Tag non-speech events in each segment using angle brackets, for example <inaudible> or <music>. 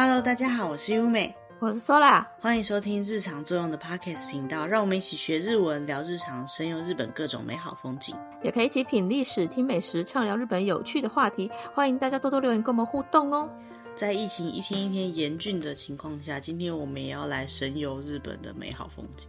Hello，大家好，我是優美，我是 Sola。歡迎收聽日常作用的 Podcast 頻道，讓我們一起學日文，聊日常，神遊日本各種美好風景，也可以一起品歷史，聽美食，暢聊日本有趣的話題。歡迎大家多多留言，跟我們互動哦。在疫情一天一天嚴峻的情況下，今天我們也要來神遊日本的美好風景。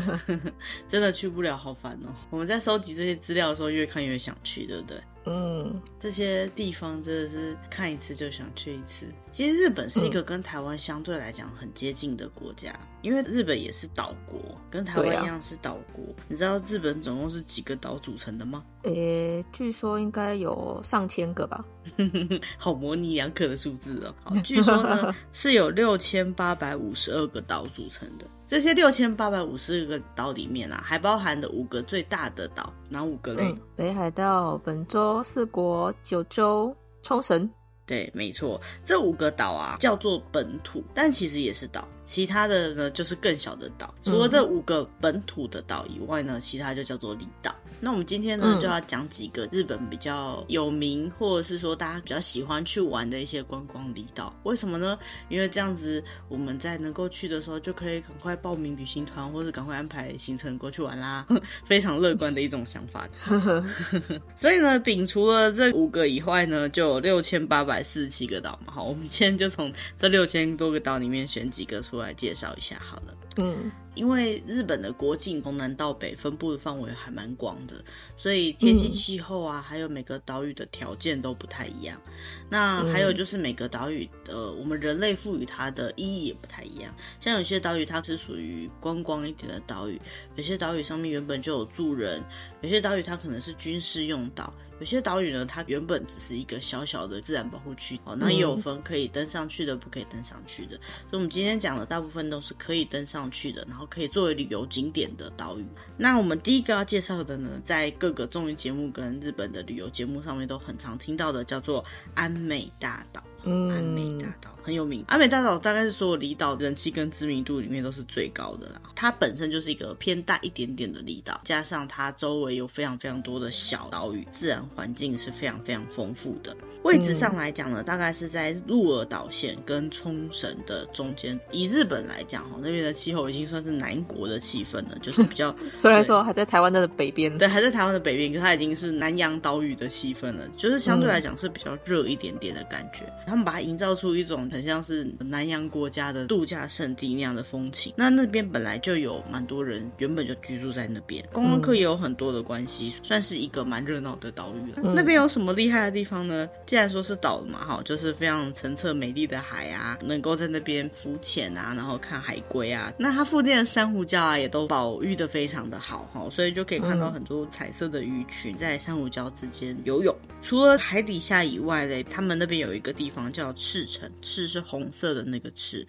<laughs> 真的去不了，好煩哦。我們在收集這些資料的時候，越看越想去，對不對？嗯，這些地方真的是看一次就想去一次。其實日本是一個跟台灣相對來講很接近的國家，嗯、因為日本也是島國，跟台灣一樣是島國。啊、你知道日本總共是幾個島組成的嗎？誒、欸，據說應該有上千個吧， <laughs> 好模稜兩可的數字哦。據說呢 <laughs> 是有六千八百五十二個島組成的，這些六千八百五十二個島裡面啊，還包含了五個最大的島。哪五個嘞？嗯，北海道、本州、四國、九州、沖繩。對，沒錯，這五個島啊，叫做本土，但其實也是島。其他的呢，就是更小的島，除了這五個本土的島以外呢，其他就叫做離島。那我們今天呢，就要講幾個日本比較有名，或者是說大家比較喜歡去玩的一些觀光離島。為什麼呢？因為這樣子我們在能夠去的時候，就可以趕快報名旅行團，或者趕快安排行程過去玩啦。 <laughs> 非常樂觀的一種想法。 <laughs> 所以呢，摒除了這五個以外呢，就六千八百四十七個島嘛。好，我們今天就從這六千多個島裡面選幾個出來，都來介紹一下好了，嗯，因為日本的國境從南到北分佈的範圍還蠻廣的，所以天氣氣候啊，嗯、還有每個島嶼的條件都不太一樣。那還有就是每個島嶼的、呃、我們人類賦予它的意義也不太一樣。像有些島嶼它是屬於觀光、光一點的島嶼，有些島嶼上面原本就有住人，有些島嶼它可能是軍事用島。有些島嶼呢，它原本只是一個小小的自然保護區，哦，那也有分可以登上去的，不可以登上去的。所以，我們今天講的大部分都是可以登上去的，然後可以作為旅遊景點的島嶼。那我們第一個要介紹的呢，在各個綜藝節目跟日本的旅遊節目上面都很常聽到的，叫做奄美大島。嗯、奄美大島很有名，奄美大島大概是所有離島的人氣跟知名度裡面都是最高的啦。它本身就是一個偏大一點點的離島，加上它周圍有非常非常多的小島嶼，自然環境是非常非常豐富的。位置上來講呢，大概是在鹿兒島縣跟沖繩的中間。嗯、以日本來講哈，那邊的氣候已經算是南國的氣氛了，就是比較 <laughs> 雖然說還在台灣的北邊，對，還在台灣的北邊，可是它已經是南洋島嶼的氣氛了，就是相對來講是比較熱一點點的感覺。嗯他們把它營造出一種很像是南洋國家的度假勝地那樣的風情。那那邊本來就有蠻多人，原本就居住在那邊，觀光客也有很多的關係，算是一個蠻熱鬧的島嶼。那邊有什麼厲害的地方呢？既然說是島嘛，哈，就是非常澄澈、美麗的海啊，能夠在那邊浮潛啊，然後看海龜啊。那它附近的珊瑚礁啊，也都保育的非常的好哈，所以就可以看到很多彩色的魚群在珊瑚礁之間游泳。除了海底下以外嘞，他們那邊有一個地方。叫赤橙，赤是紅色的那個赤。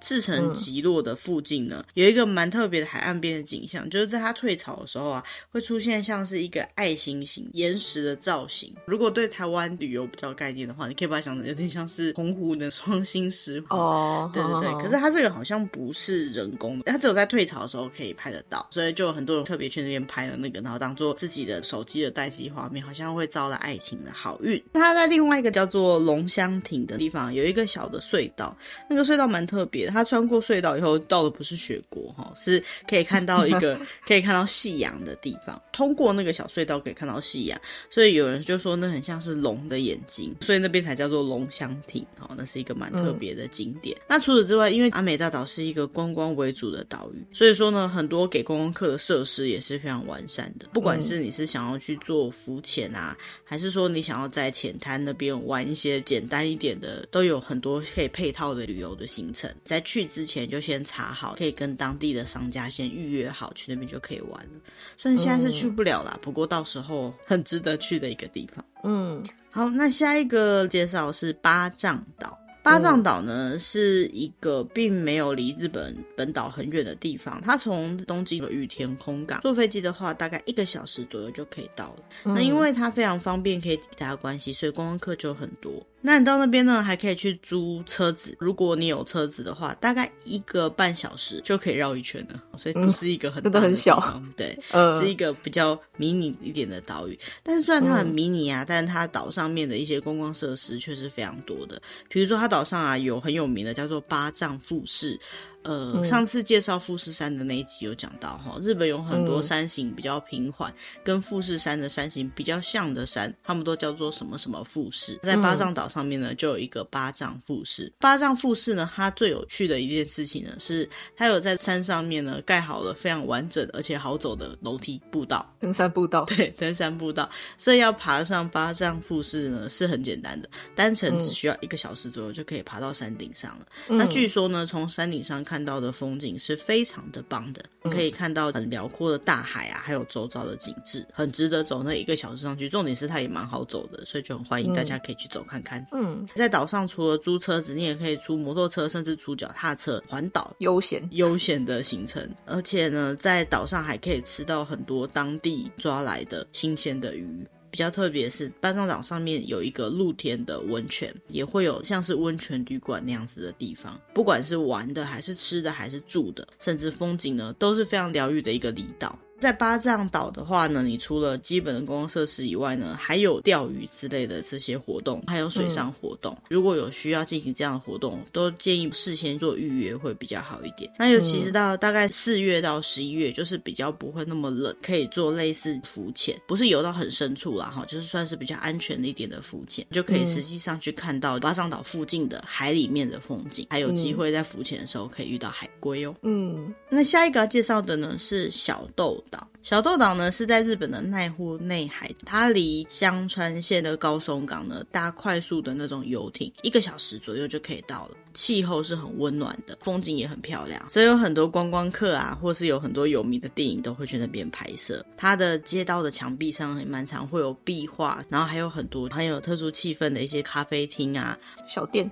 赤城極落的附近呢，嗯、有一個蠻特別的海岸邊的景象，就是在它退潮的時候啊，會出現像是一個愛心型岩石的造型。如果對台灣旅遊比較概念的話，你可以把它想成有點像是澎湖的雙心石滬。哦，對對對，哦、可是它這個好像不是人工，它只有在退潮的時候可以拍得到，所以就有很多人特別去那邊拍了那個，然後當做自己的手機的待機畫面，好像會招來愛情的好運。它在另外一個叫做龍香亭的地方，有一個小的隧道，那個隧道蠻特別的。他穿過隧道以後到的不是雪國哈、哦，是可以看到一個 <laughs> 可以看到夕陽的地方。通過那個小隧道可以看到夕陽，所以有人就說那很像是龍的眼睛，所以那邊才叫做龍鄉町哦。那是一個蠻特別的景點。嗯、那除此之外，因為阿美大島是一個觀光為主的島嶼，所以說呢，很多給觀光客的設施也是非常完善的。不管是你是想要去做浮潛啊，還是說你想要在淺灘那邊玩一些簡單一點的，都有很多可以配套的旅遊的行程。在去之前就先查好，可以跟當地的商家先預約好，去那邊就可以玩了。雖然現在是去不了了，嗯、不過到時候很值得去的一個地方。嗯，好，那下一個介紹是八丈島。八丈島呢、嗯、是一個並沒有離日本本島很遠的地方，它從東京的羽田空港坐飛機的話，大概一個小時左右就可以到了。嗯、那因為它非常方便，可以抵達的關係，所以觀光客就很多。那你到那邊呢，還可以去租車子。如果你有車子的話，大概一個半小時就可以繞一圈了。所以不是一個很真的很小，嗯、對，嗯、是一個比較迷你一點的島嶼。但是雖然它很迷你啊，嗯、但是它島上面的一些觀光設施卻是非常多的。比如說它島上啊有很有名的叫做八丈富士。呃，嗯、上次介紹富士山的那一集有講到齁，日本有很多山形比較平緩，嗯、跟富士山的山形比較像的山，他們都叫做什麼什麼富士。在八丈島上面呢，就有一個八丈富士。八丈富士呢，它最有趣的一件事情呢，是它有在山上面呢蓋好了非常完整而且好走的樓梯步道，登山步道。對，登山步道，所以要爬上八丈富士呢是很簡單的，單程只需要一個小時左右就可以爬到山頂上了。嗯、那據說呢，從山頂上，看到的風景是非常的棒的，可以看到很遼闊的大海啊，還有周遭的景致，很值得走那一個小時上去。重點是它也蠻好走的，所以就很歡迎大家可以去走看看。嗯，嗯，在島上除了租車子，你也可以租摩托車，甚至租腳踏車環島悠閒閒悠閒的行程。而且呢，在島上還可以吃到很多當地抓來的新鮮的魚。比較特別是八丈島上面有一個露天的溫泉，也會有像是溫泉旅館那樣子的地方，不管是玩的還是吃的還是住的，甚至風景呢都是非常療癒的一個離島。在八丈島的話呢，你除了基本的公共設施以外呢，還有釣魚之類的這些活動，還有水上活動。嗯。如果有需要進行這樣的活動，都建議事先做預約會比較好一點。那尤其是到大概四月到十一月，就是比較不會那麼冷，可以做類似浮潛，不是游到很深處啦哈，就是算是比較安全的一點的浮潛，就可以實際上去看到八丈島附近的海裡面的風景，還有機會在浮潛的時候可以遇到海龜哦。嗯，那下一個要介紹的呢是小豆。小豆島呢是在日本的瀨戶內海，它離香川縣的高松港呢，搭快速的那種遊艇，一個小時左右就可以到了。氣候是很溫暖的，風景也很漂亮，所以有很多觀光客啊，或是有很多有名的電影都會去那邊拍攝。它的街道的牆壁上也蠻常會有壁畫，然後還有很多很有特殊氣氛的一些咖啡廳啊、小店。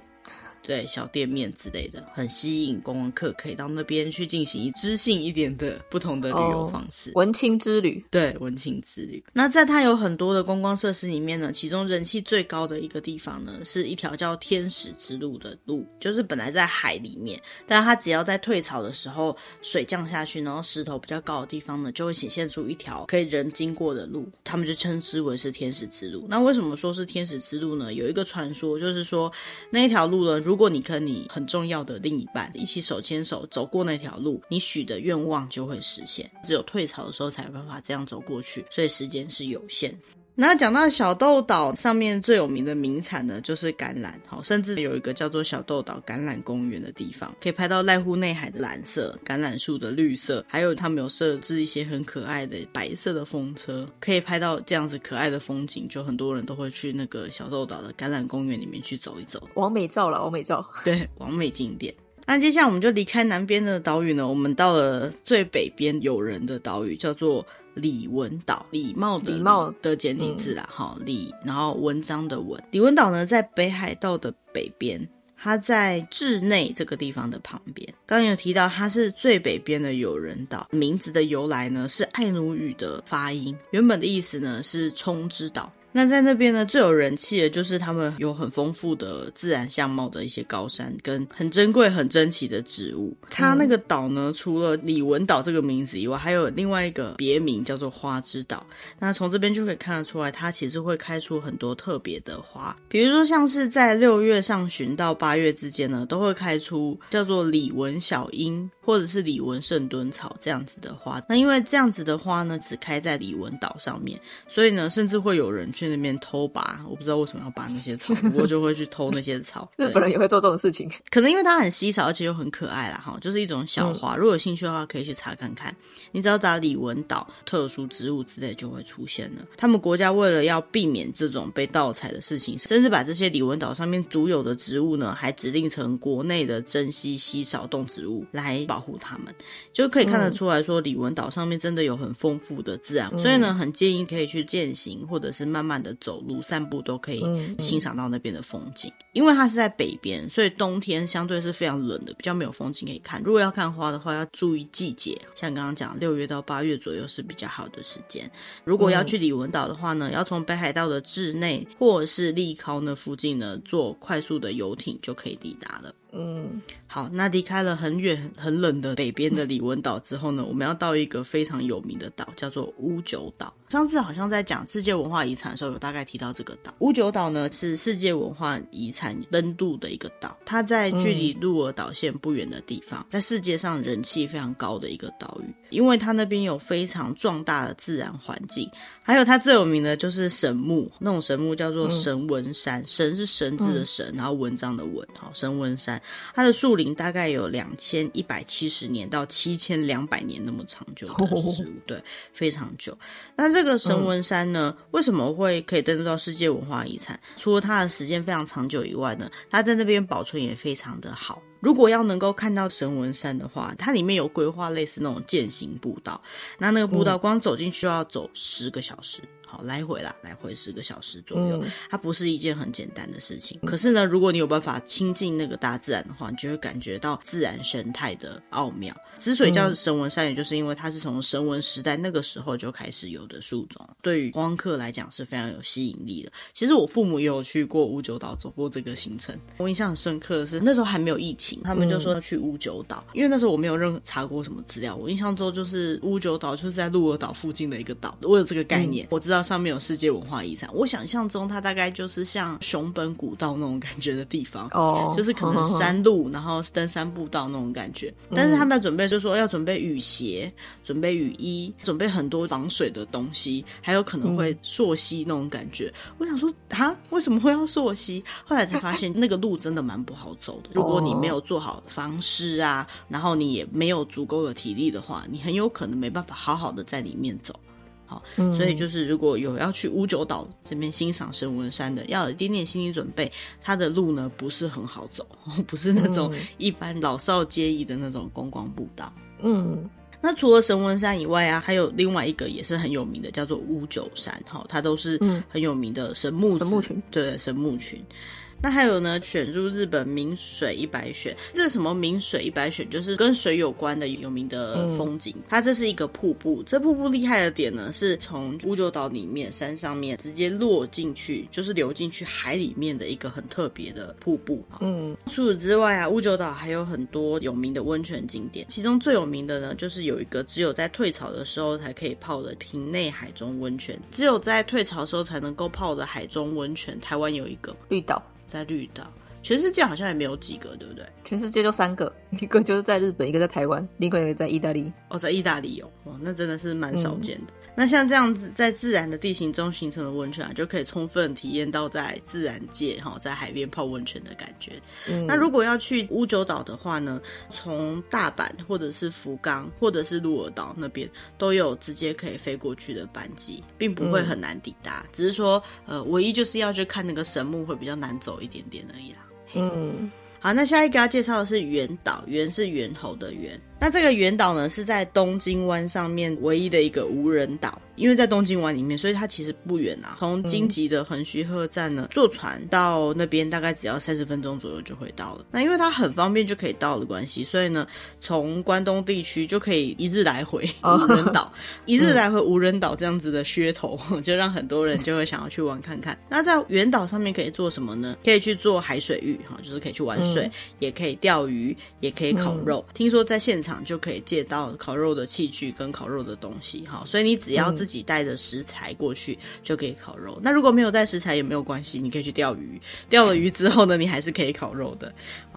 對，小店面之類的很吸引觀光客，可以到那邊去進行一知性一點的不同的旅遊方式，哦、文青之旅。對，文青之旅。那在它有很多的觀光設施裡面呢，其中人氣最高的一個地方呢，是一條叫天使之路的路，就是本來在海裡面，但是它只要在退潮的時候水降下去，然後石頭比較高的地方呢，就會顯現出一條可以人經過的路，他們就稱之為是天使之路。那為什麼說是天使之路呢？有一個傳說就是說那一條路呢，如如果你跟你很重要的另一半一起手牽手走過那條路，你許的願望就會實現。只有退潮的時候才有辦法這樣走過去，所以時間是有限。那講到小豆島上面最有名的名產呢，就是橄欖，好，甚至有一個叫做小豆島橄欖公園的地方，可以拍到瀨戶內海的藍色、橄欖樹的綠色，還有他們有設置一些很可愛的白色的風車，可以拍到這樣子可愛的風景，就很多人都會去那個小豆島的橄欖公園裡面去走一走，網美照了，網美照，對，網美景點，那接下來我們就離開南邊的島嶼呢，我們到了最北邊有人的島嶼，叫做。禮文島，禮貌的禮貌的簡體字啊，哈、嗯哦，李，然後文章的文，禮文島呢在北海道的北邊，它在稚內這個地方的旁邊。剛剛有提到，它是最北邊的有人島，名字的由來呢是愛奴語的發音，原本的意思呢是沖之島。那在那邊呢，最有人氣的就是他們有很豐富的自然相貌的一些高山跟很珍貴、很珍奇的植物。它那個島呢，除了禮文島這個名字以外，還有另外一個別名叫做花之島。那從這邊就可以看得出來，它其實會開出很多特別的花，比如說像是在六月上旬到八月之間呢，都會開出叫做禮文小櫻或者是禮文聖敦草這樣子的花。那因為這樣子的花呢，只開在禮文島上面，所以呢，甚至會有人。去那邊偷拔，我不知道為什麼要拔那些草，我就會去偷那些草。日 <laughs> 本人也會做這種事情，可能因為它很稀少，而且又很可愛啦，哈，就是一種小花。嗯、如果有興趣的話，可以去查看看。你只要打李文島特殊植物之類，就會出現了。他們國家為了要避免這種被盜採的事情，甚至把這些李文島上面獨有的植物呢，還指定成國內的珍稀稀少動植物來保護他們。就可以看得出來說，嗯、李文島上面真的有很豐富的自然，嗯、所以呢，很建議可以去健行，或者是慢慢慢、慢的走路、散步都可以欣賞到那邊的風景，嗯嗯、因為它是在北邊，所以冬天相對是非常冷的，比較沒有風景可以看。如果要看花的話，要注意季節，像剛剛講，六月到八月左右是比較好的時間。如果要去禮文島的話呢，嗯、要從北海道的稚內或者是利尻那附近呢，坐快速的遊艇就可以抵達了。嗯，好，那離開了很遠很冷的北邊的禮文島之後呢，我們要到一個非常有名的島，叫做屋久島。上次好像在講世界文化遺產的時候，有大概提到這個島。屋久島呢是世界文化遺產登錄的一個島，它在距離鹿兒島縣不遠的地方，在世界上人氣非常高的一個島嶼，因為它那邊有非常壯大的自然環境，還有它最有名的就是神木，那種神木叫做神文山，神是神字的神，然後文章的文，好，神文山。它的樹齡大概有兩千一百七十年到七千兩百年那麼長久的，對，非常久。那這個神文山呢，嗯、為什麼會可以登錄到世界文化遺產？除了它的時間非常長久以外呢，它在那邊保存也非常的好。如果要能夠看到神文山的話，它裡面有規劃類似那種健行步道，那那個步道光走進去就要走十個小時。好，來回啦，來回十個小時左右，它不是一件很簡單的事情。嗯、可是呢，如果你有辦法親近那個大自然的話，你就會感覺到自然生態的奧妙。之所以叫繩文杉，也就是因為它是從繩文時代那個時候就開始有的樹種，對於觀光客來講是非常有吸引力的。其實我父母也有去過屋久島，走過這個行程。我印象很深刻的是，那時候還沒有疫情，他們就說要去屋久島，因為那時候我沒有任何查過什麼資料。我印象中就是屋久島就是在鹿兒島附近的一個島，我有這個概念，嗯、我知道。上面有世界文化遺產。我想象中，它大概就是像熊本古道那種感覺的地方，oh, 就是可能山路，oh, oh, oh. 然後登山步道那種感覺。但是他們在準備，就是說要準備雨鞋，準備雨衣，準備很多防水的東西，還有可能會溯溪那種感覺。Oh. 我想說，啊，為什麼會要溯溪？後來才發現，那個路真的蠻不好走的。如果你沒有做好防濕啊，然後你也沒有足夠的體力的話，你很有可能沒辦法好好的在裡面走。所以就是如果有要去屋久島這邊欣賞繩文杉的，要有一點點心理準備，它的路呢，不是很好走，不是那種一般老少皆宜的那種觀光步道。嗯，那除了繩文杉以外啊，還有另外一個也是很有名的，叫做屋久杉。哈，它都是很有名的神木、嗯、神木群，對神木群。那還有呢？選入日本名水一百選，這是什麼名水一百選？就是跟水有關的有名的風景。嗯、它這是一個瀑布，這瀑布厲害的點呢，是從屋久島裡面山上面直接落進去，就是流進去海裡面的一個很特別的瀑布。嗯，除此之外啊，屋久島還有很多有名的溫泉景點，其中最有名的呢，就是有一個只有在退潮的時候才可以泡的平內海中溫泉，只有在退潮的時候才能夠泡的海中溫泉。台灣有一個綠島。遇到在綠島，全世界好像也沒有幾個，對不對？全世界就三個，一個就是在日本，一個在台灣，另外一個在意大利。哦，在意大利有哦，哇，那真的是蠻少見的。嗯那像這樣子，在自然的地形中形成的溫泉啊，就可以充分體驗到在自然界哈，在海邊泡溫泉的感覺。嗯、那如果要去屋久島的話呢，從大阪或者是福岡或者是鹿兒島那邊都有直接可以飛過去的班機，並不會很難抵達，嗯、只是說呃，唯一就是要去看那個神木會比較難走一點點而已啦。嘿嗯，好，那下一個要介紹的是猿島，猿是猿猴的猿。那這個原島呢，是在東京灣上面唯一的一個無人島，因為在東京灣裡面，所以它其實不遠啊。從京急的橫須賀站呢，坐船到那邊大概只要三十分鐘左右就會到了。那因為它很方便就可以到的關係，所以呢，從關東地區就可以一日來回無人島，oh. 一日來回無人島這樣子的噱頭，就讓很多人就會想要去玩看看。那在原島上面可以做什麼呢？可以去做海水浴哈，就是可以去玩水，oh. 也可以釣魚，也可以烤肉。Oh. 聽說在現場。場就可以借到烤肉的器具跟烤肉的東西，哈，所以你只要自己帶着食材過去就可以烤肉。嗯、那如果沒有帶食材也沒有關係，你可以去釣魚，釣了魚之後呢，你還是可以烤肉的。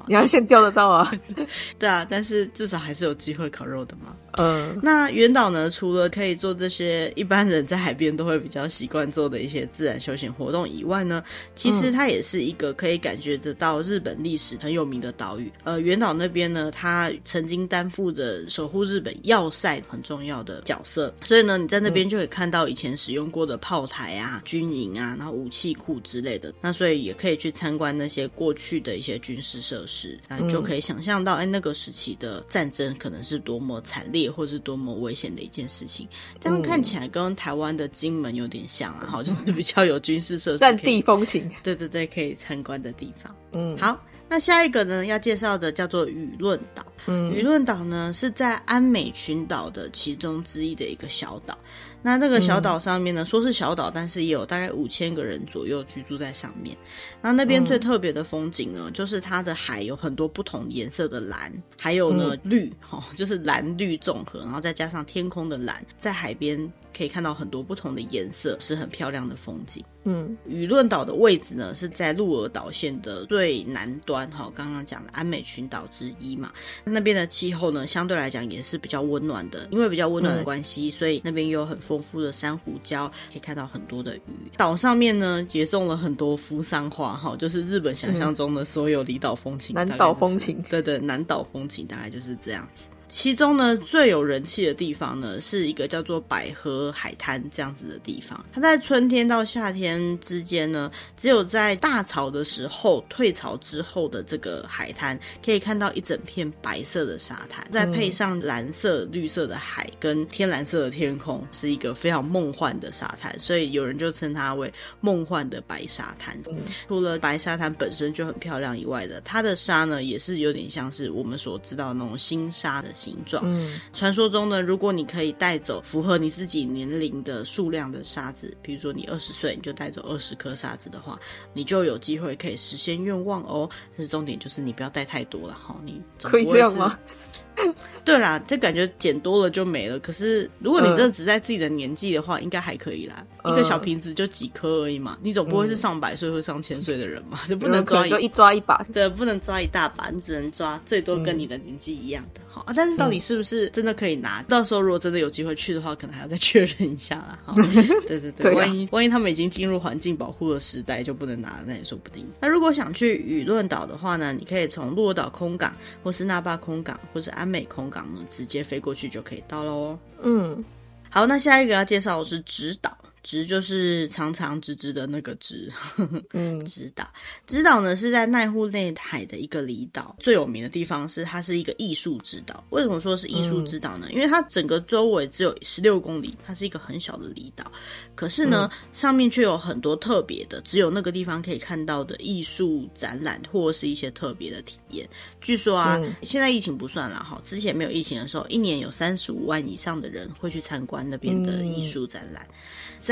你要先釣得到啊？ <laughs> 對啊，但是至少還是有機會烤肉的嘛。嗯、呃，那原島呢，除了可以做這些一般人在海邊都會比較習慣做的一些自然休閒活動以外呢，其實它也是一個可以感覺得到日本歷史很有名的島嶼。呃，原島那邊呢，它曾經擔負護着守護日本要塞很重要的角色，所以呢，你在那邊就可以看到以前使用過的炮台啊、嗯、軍營啊，然後武器庫之類的。那所以也可以去參觀那些過去的一些軍事設施，那就可以想象到，哎、嗯欸，那個時期的戰爭可能是多麼慘烈，或是多麼危險的一件事情。這樣看起來跟台灣的金門有點像啊，嗯、好，就是比較有軍事設施、戰地風情。對對對，可以參觀的地方。嗯，好。那下一個呢，要介紹的叫做與論島。嗯、與論島呢，是在奄美群島的其中之一的一個小島。那這個小島上面呢，嗯、說是小島，但是也有大概五千個人左右居住在上面。那那邊最特別的風景呢，嗯、就是它的海有很多不同顏色的藍，還有呢、嗯、綠、哦，就是藍綠綜合，然後再加上天空的藍，在海邊。可以看到很多不同的顏色，是很漂亮的風景。嗯，輿論島的位置呢是在鹿兒島縣的最南端，哈、哦，剛剛講的安美群島之一嘛。那邊的氣候呢，相對來講也是比較溫暖的，因為比較溫暖的關係，嗯、所以那邊又有很豐富的珊瑚礁，可以看到很多的魚。島上面呢也種了很多扶桑花，哈、哦，就是日本想象中的所有離島風情、嗯。南島風情，對對，南島風情大概就是這樣子。其中呢最有人氣的地方呢，是一個叫做百合海灘這樣子的地方。它在春天到夏天之間呢，只有在大潮的時候，退潮之後的這個海灘可以看到一整片白色的沙灘，嗯、再配上藍色、綠色的海跟天藍色的天空，是一個非常夢幻的沙灘。所以有人就稱它為夢幻的白沙灘。嗯、除了白沙灘本身就很漂亮以外的，它的沙呢也是有點像是我們所知道的那種新沙的形狀，嗯，傳說中呢，如果你可以帶走符合你自己年齡的數量的沙子，比如說你二十歲，你就帶走二十顆沙子的話，你就有機會可以實現願望哦。但是重點就是你不要帶太多了哈，你可以這樣嗎？哦 <laughs> 對啦，就感覺撿多了就沒了。可是如果你真的只在自己的年紀的話，應該還可以啦。呃、一個小瓶子就幾顆而已嘛，呃、你總不會是上百歲或上千歲的人嘛，嗯、就不能抓一有沒有可能就一抓一把，對，不能抓一大把，你只能抓最多跟你的年紀一樣的好、嗯。但是到底是不是真的可以拿？嗯、到時候如果真的有機會去的話，可能還要再確認一下啦。好對對對， <laughs> 啊、萬一萬一他們已經進入環境保護的時代，就不能拿了，那也說不定。那如果想去與論島的話呢？你可以從鹿兒島空港，或是那霸空港，或是。安美空港呢，直接飛過去就可以到了哦。嗯，好，那下一個要介紹的是直島。直就是長長直直的那個直， <laughs> 直島，嗯，直島，直島呢是在瀨戶內海的一個離島，最有名的地方是它是一個藝術之島。為什麼說是藝術之島呢？嗯、因為它整個周圍只有十六公里，它是一個很小的離島，可是呢，嗯、上面卻有很多特別的，只有那個地方可以看到的藝術展覽，或是一些特別的體驗。據說啊，嗯、現在疫情不算了哈，之前沒有疫情的時候，一年有三十五萬以上的人會去參觀那邊的藝術展覽。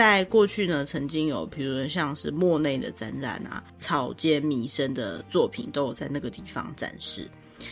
在過去呢，曾經有，譬如像是莫內的展覽啊，草間彌生的作品，都有在那個地方展示。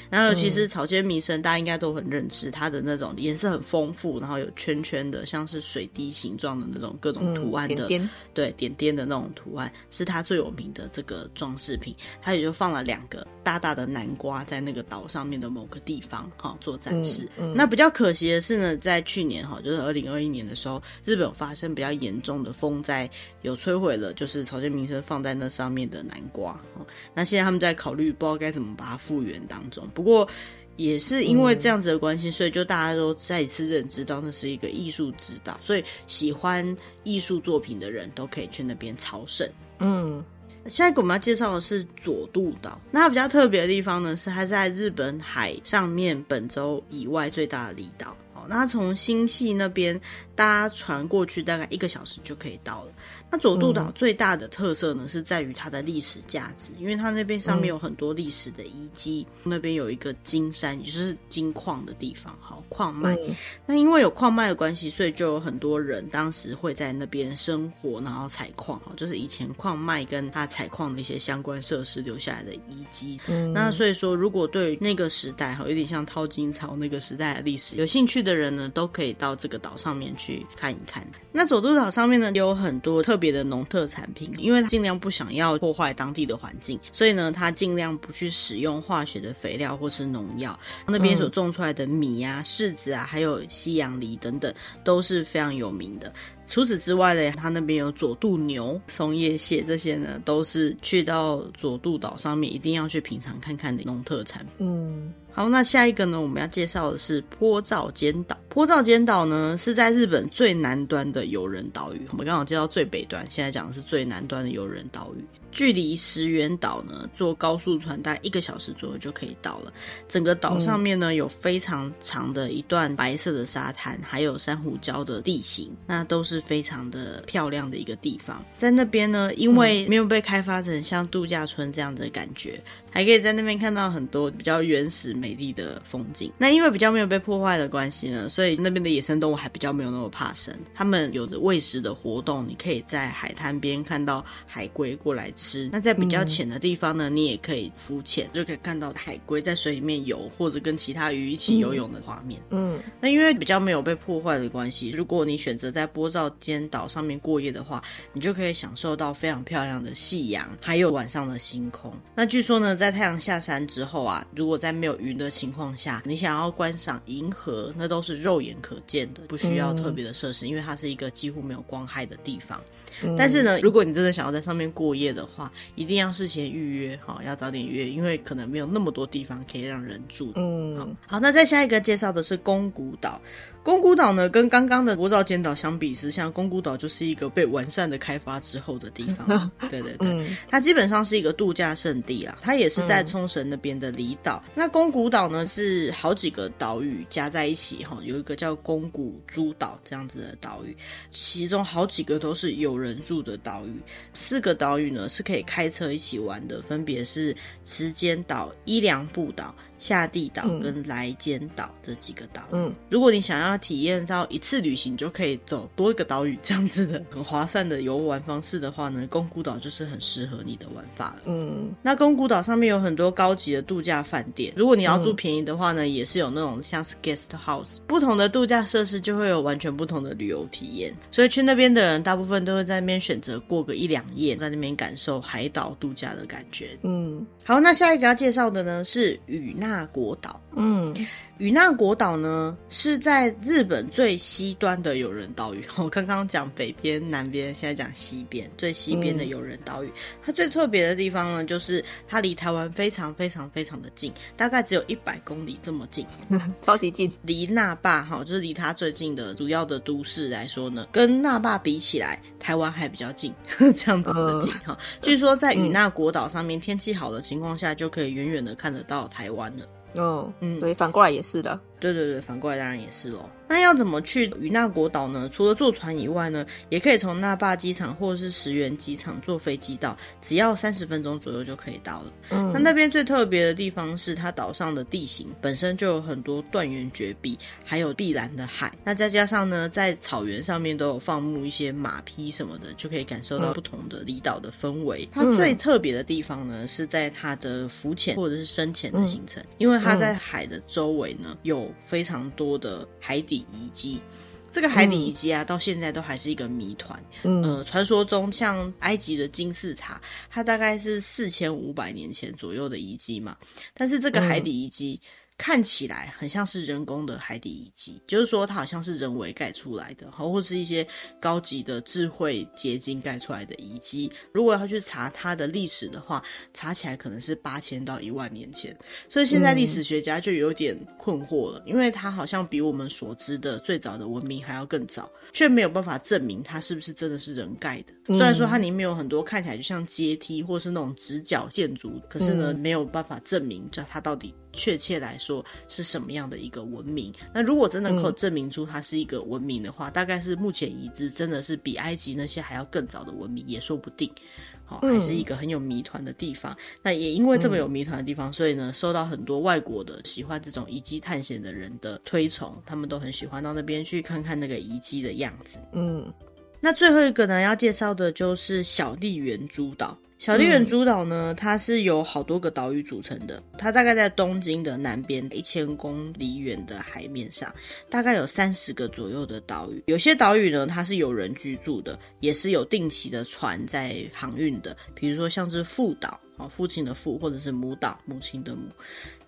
然後其實草間彌生、嗯、大家應該都很認識，它的那種顏色很豐富，然後有圈圈的，像是水滴形狀的那種各種圖案的，嗯、點點對點點的那種圖案，是它最有名的這個裝飾品。它也就放了兩個大大的南瓜在那個島上面的某個地方，哈、哦、做展示。嗯嗯、那比較可惜的是呢，在去年哈，就是二零二一年的時候，日本有發生比較嚴重的風災，有摧毀了就是草間彌生放在那上面的南瓜。哦、那現在他們在考慮不知道該怎麼把它復原當中。不過，也是因為這樣子的關係，嗯，所以就大家都再一次認知到那是一個藝術之島，所以喜歡藝術作品的人都可以去那邊朝聖。嗯，現在我們要介紹的是佐渡島，那它比較特別的地方呢，是它是在日本海上面本州以外最大的離島。好，那它從新潟那邊搭船過去，大概一個小時就可以到了。那佐渡島最大的特色呢，嗯、是在於它的歷史價值，因為它那邊上面有很多歷史的遺跡，嗯、那邊有一個金山，也就是金礦的地方，哈，礦脈。嗯、那因為有礦脈的關係，所以就有很多人當時會在那邊生活，然後採礦，就是以前礦脈跟它採礦的一些相關設施留下來的遺跡。嗯、那所以說，如果對那個時代，哈，有點像淘金潮那個時代的歷史有興趣的人呢，都可以到這個島上面去看一看。那佐渡島上面呢，有很多特別的農特產品，因為他盡量不想要破壞當地的環境，所以呢，他盡量不去使用化學的肥料或是農藥。那邊所種出來的米啊、柿子啊，還有西洋梨等等，都是非常有名的。除此之外呢，它那邊有佐渡牛、松葉蟹這些呢，都是去到佐渡島上面一定要去品嘗看看的農特產。嗯，好，那下一個呢，我們要介紹的是波照間島。波照間島呢，是在日本最南端的有人島嶼。我們剛好介紹最北端，現在講的是最南端的有人島嶼。距離石垣島呢，坐高速船大概一個小時左右就可以到了。整個島上面呢，嗯、有非常長的一段白色的沙灘，還有珊瑚礁的地形，那都是非常的漂亮的一個地方。在那邊呢，因為沒有被開發成像度假村這樣的感覺。還可以在那邊看到很多比較原始美麗的風景。那因為比較沒有被破壞的關係呢，所以那邊的野生動物還比較沒有那麼怕生。它們有着餵食的活動，你可以在海灘邊看到海龜過來吃。那在比較淺的地方呢，你也可以浮潛，就可以看到海龜在水裡面遊，或者跟其他魚一起游泳的畫面。嗯，嗯，那因為比較沒有被破壞的關係，如果你選擇在波照間島上面過夜的話，你就可以享受到非常漂亮的夕陽，還有晚上的星空。那據說呢，在在太陽下山之後啊，如果在沒有雲的情況下，你想要觀賞銀河，那都是肉眼可見的，不需要特別的設施，嗯、因為它是一個幾乎沒有光害的地方。嗯、但是呢，如果你真的想要在上面過夜的話，一定要事先預約好、哦，要早點約，因為可能沒有那麼多地方可以讓人住。嗯、哦，好，那再下一個介紹的是宮古島。宮古島呢，跟剛剛的波照間島相比，是像宮古島就是一個被完善的開發之後的地方。 <laughs> 對對對，嗯、它基本上是一個度假勝地啦。它也是在沖繩那邊的離島。嗯、那宮古島呢，是好幾個島嶼加在一起哈，有一個叫宮古諸島這樣子的島嶼，其中好幾個都是有人住的島嶼。四個島嶼呢是可以開車一起玩的，分別是池間島、伊良部島。下地島跟來間島這幾個島，嗯，如果你想要體驗到一次旅行就可以走多一個島嶼這樣子的 <laughs> 很划算的遊玩方式的話呢，宮古島就是很適合你的玩法了。嗯，那宮古島上面有很多高級的度假飯店，如果你要住便宜的話呢，嗯、也是有那種像是 guest house，不同的度假設施就會有完全不同的旅遊體驗，所以去那邊的人大部分都會在那邊選擇過個一兩夜，在那邊感受海島度假的感覺。嗯，好，那下一個要介紹的呢是與那。與那國島。嗯，與那國島呢，是在日本最西端的有人島嶼。我剛剛講北邊、南邊，現在講西邊，最西邊的有人島嶼。嗯、它最特別的地方呢，就是它離台灣非常非常非常的近，大概只有一百公里這麼近，超級近。離那霸哈、哦，就是離它最近的主要的都市來說呢，跟那霸比起來，台灣還比較近，這樣子的近哈。呃、據說在與那國島上面、嗯、天氣好的情況下，就可以遠遠的看得到台灣了。哦，嗯，所以反過來也是的。對對對，反過來當然也是嘍。那要怎麼去與那國島呢？除了坐船以外呢，也可以從那霸機場或者是石垣機場坐飛機到，只要三十分鐘左右就可以到了。嗯、那那邊最特別的地方是它島上的地形本身就有很多斷崖絕壁，還有碧藍的海。那再加上呢，在草原上面都有放牧一些馬匹什麼的，就可以感受到不同的離島的氛圍。嗯、它最特別的地方呢，是在它的浮潛或者是深潛的行程，嗯、因為它在海的周圍呢有。非常多的海底遺跡，這個海底遺跡啊，嗯、到現在都還是一個謎團。嗯、呃，傳說中像埃及的金字塔，它大概是四千五百年前左右的遺跡嘛，但是這個海底遺跡。嗯嗯看起來很像是人工的海底遺跡，就是說它好像是人為蓋出來的，或是一些高級的智慧結晶蓋出來的遺跡。如果要去查它的歷史的話，查起來可能是八千到一萬年前。所以現在歷史學家就有點困惑了，嗯、因為它好像比我們所知的最早的文明還要更早，卻沒有辦法證明它是不是真的是人蓋的。嗯、雖然說它裡面有很多看起來就像階梯或是那種直角建築，可是呢，嗯、沒有辦法證明叫它到底。確切來說是什麼樣的一個文明？那如果真的可以證明出它是一個文明的話，嗯、大概是目前已知真的是比埃及那些還要更早的文明，也說不定。哦、還是一個很有謎團的地方。那也因為這麼有謎團的地方，嗯、所以呢，受到很多外國的喜歡這種遺跡探險的人的推崇，他們都很喜歡到那邊去看看那個遺跡的樣子。嗯。那最後一個呢，要介紹的就是小笠原諸島。小笠原諸島呢，嗯、它是由好多個島嶼組成的，它大概在東京的南邊一千公里遠的海面上，大概有三十個左右的島嶼。有些島嶼呢，它是有人居住的，也是有定期的船在航運的。比如說像是父島啊，父親的父，或者是母島，母親的母。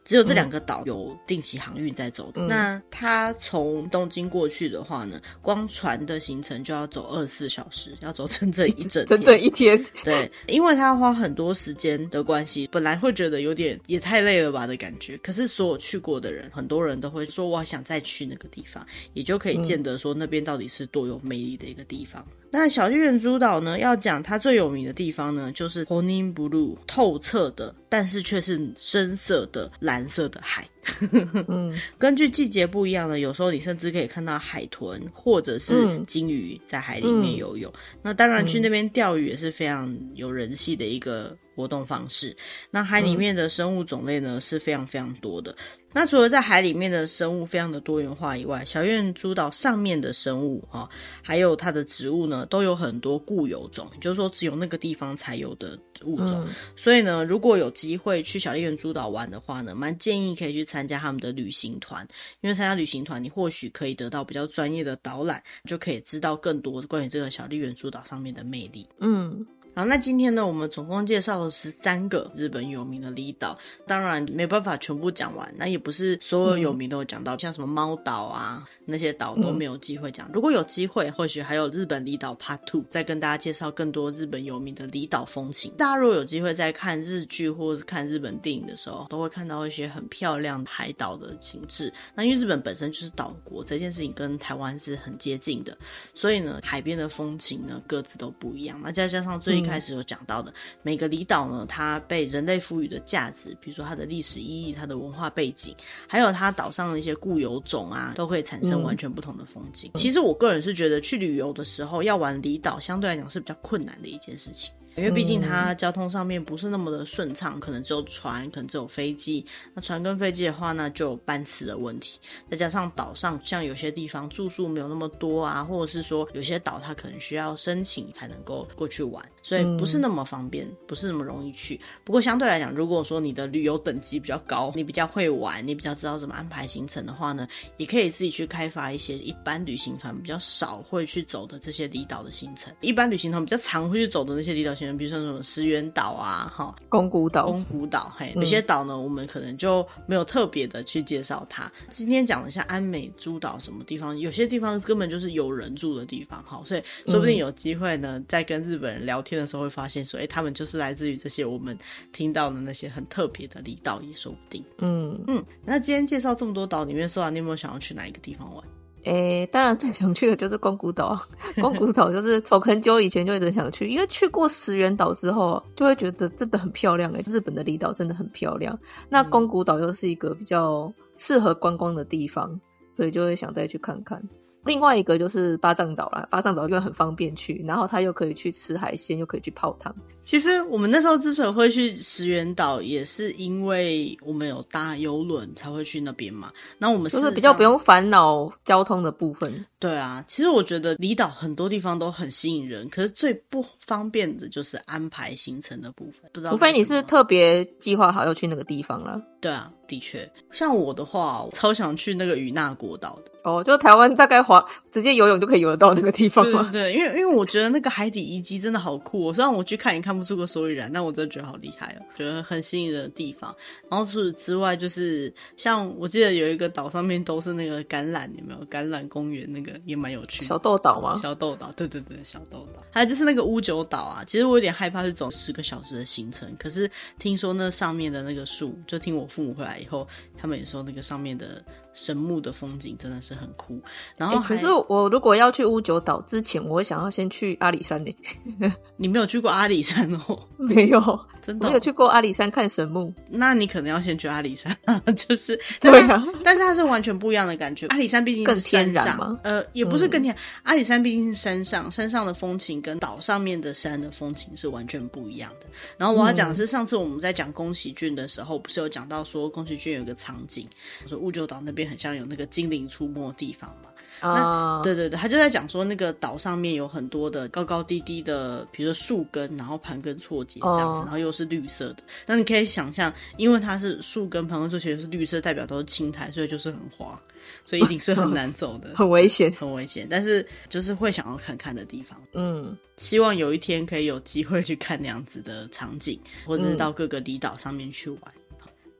只有這兩個島有定期航運在走的。嗯，那他從東京過去的話呢，光船的行程就要走24小時，要走整整一整整整一天。對，因為他要花很多時間的關係，本來會覺得有點也太累了吧的感覺。可是所有去過的人，很多人都會說我想再去那個地方，也就可以見得說那邊到底是多有魅力的一個地方。那小笠原諸島呢？要講它最有名的地方呢，就是 Bonin Blue 透徹的，但是卻是深色的藍色的海。 <laughs> 嗯、根據季節不一樣呢，有時候你甚至可以看到海豚或者是鯨魚在海裡面游泳。嗯、那當然去那邊釣魚也是非常有人氣的一個活動方式，那海裡面的生物種類呢、嗯、是非常非常多的。那除了在海裡面的生物非常的多元化以外，小笠原諸島上面的生物哈、哦，還有它的植物呢，都有很多固有種，也就是說只有那個地方才有的物種。嗯、所以呢，如果有機會去小笠原諸島玩的話呢，蠻建議可以去參加他們的旅行團，因為參加旅行團，你或許可以得到比較專業的導覽，就可以知道更多關於這個小笠原諸島上面的魅力。嗯。好，那今天呢，我們總共介紹了十三個日本有名的離島，當然沒辦法全部講完，那也不是所有有名都有講到，嗯、像什麼貓島啊那些島都沒有機會講。嗯、如果有機會，或許還有日本離島 Part Two，再跟大家介紹更多日本有名的離島風情。大家若有機會在看日劇或是看日本電影的時候，都會看到一些很漂亮海島的景致。那因為日本本身就是島國，這件事情跟台灣是很接近的，所以呢，海邊的風情呢，各自都不一樣。那再加上最、嗯。開始有講到的，每個離島呢，它被人類賦予的價值，比如說它的歷史意義、它的文化背景，還有它島上的一些固有種啊，都會產生完全不同的風景。嗯、其實我個人是覺得，去旅遊的時候要玩離島，相對來講是比較困難的一件事情。因為畢竟它交通上面不是那麼的順暢，嗯、可能只有船，可能只有飛機。那船跟飛機的話呢，那就有班次的問題。再加上島上像有些地方住宿沒有那麼多啊，或者是說有些島它可能需要申請才能夠過去玩，所以不是那麼方便，不是那麼容易去。不過相對來講，如果說你的旅遊等級比較高，你比較會玩，你比較知道怎麼安排行程的話呢，也可以自己去開發一些一般旅行團比較少會去走的這些離島的行程。一般旅行團比較常會去走的那些離島行程比如說什麼石垣島啊，哈，宮古島、宮古島，嘿，有、嗯、些島呢，我們可能就沒有特別的去介紹它。今天講了像奄美諸島什麼地方，有些地方根本就是有人住的地方，哈，所以說不定有機會呢，嗯、在跟日本人聊天的時候會發現說，說、欸、哎，他們就是來自於這些我們聽到的那些很特別的離島，也說不定。嗯嗯，那今天介紹這麼多島裡面，蘇達、啊，你有沒有想要去哪一個地方玩？誒、欸，當然最想去的就是宮古島。宮古島就是從很久以前就一直想去，因為去過石垣島之後，就會覺得真的很漂亮誒、欸，日本的離島真的很漂亮。那宮古島又是一個比較適合觀光的地方，所以就會想再去看看。另外一個就是八丈島啦，八丈島就很方便去，然後他又可以去吃海鮮，又可以去泡湯。其實我們那時候之所以會去石垣島，也是因為我們有搭郵輪才會去那邊嘛。那我們是不是比較不用煩惱交通的部分？對啊，其實我覺得離島很多地方都很吸引人，可是最不方便的就是安排行程的部分。不知道，除非你是特別計劃好要去那個地方了。對啊，的確，像我的話，我超想去那個與那國島的。哦，就台灣大概滑直接游泳就可以游得到那個地方嗎？對，因為因為我覺得那個海底遺跡真的好酷哦， <laughs> 雖然我去看也看不出個所以然，但我真的覺得好厲害哦，覺得很吸引人的地方。然後除此之外，就是像我記得有一個島上面都是那個橄欖，有沒有橄欖公園那個？也蠻有趣，小豆島嗎？小豆島，對對對，小豆島。還有就是那個屋久島啊，其實我有點害怕，是走十個小時的行程。可是聽說那上面的那個樹，就聽我父母回來以後，他們也說那個上面的。神木的風景真的是很酷，然後、欸、可是我如果要去屋久島之前，我會想要先去阿里山呢、欸。 <laughs> 你沒有去過阿里山哦？沒有，真的、哦、沒有去過阿里山看神木，那你可能要先去阿里山 <laughs> 就是對、啊、但是它是完全不一樣的感覺。阿里山畢竟是山上，更天然嘛、呃，也不是更天然。嗯、阿里山畢竟是山上，山上的風情跟島上面的山的風情是完全不一樣的。然後我要講的是，嗯、上次我們在講宮崎駿的時候，不是有講到說宮崎駿有一個場景，說屋久島那邊。很像有那個精靈出沒的地方嘛？啊、oh.，對對對，他就在講說那個島上面有很多的高高低低的，比如說樹根，然後盤根錯節這樣子，oh. 然後又是綠色的。那你可以想象，因為它是樹根盤根錯節是綠色，代表都是青苔，所以就是很滑，所以一定是很難走的，oh. <laughs> 很危險，很危險。但是就是會想要看看的地方，嗯，希望有一天可以有機會去看那樣子的場景，或者是到各個離島上面去玩。嗯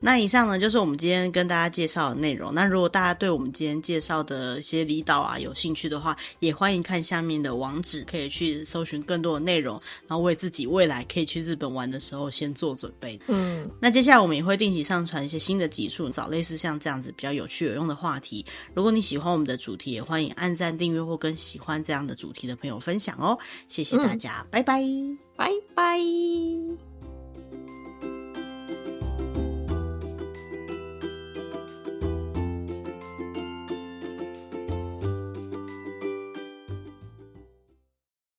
那以上呢，就是我們今天跟大家介紹的內容。那如果大家對我們今天介紹的一些離島啊有興趣的話，也歡迎看下面的網址，可以去搜尋更多的內容，然後為自己未來可以去日本玩的時候先做準備。嗯，那接下來我們也會定期上傳一些新的集數，找類似像這樣子比較有趣有用的話題。如果你喜歡我們的主題，也歡迎按讚、訂閱或跟喜歡這樣的主題的朋友分享哦。謝謝大家，嗯、拜拜，拜拜。